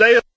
They